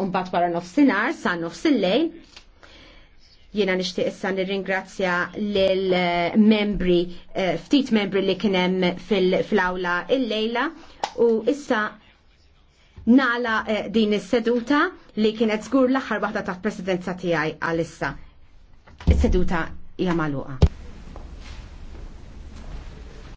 u mbagħad wara nofsinhar sa nofsillejn. Jiena nixtieq issa nirringrazzja lil eh, membri eh, ftit membri li kien hemm fil-awla il-lejla u issa nala eh, din is-seduta li kienet żgur l-aħħar waħda ta' presidenza tiegħi għalissa. Is-seduta hija magħluqa.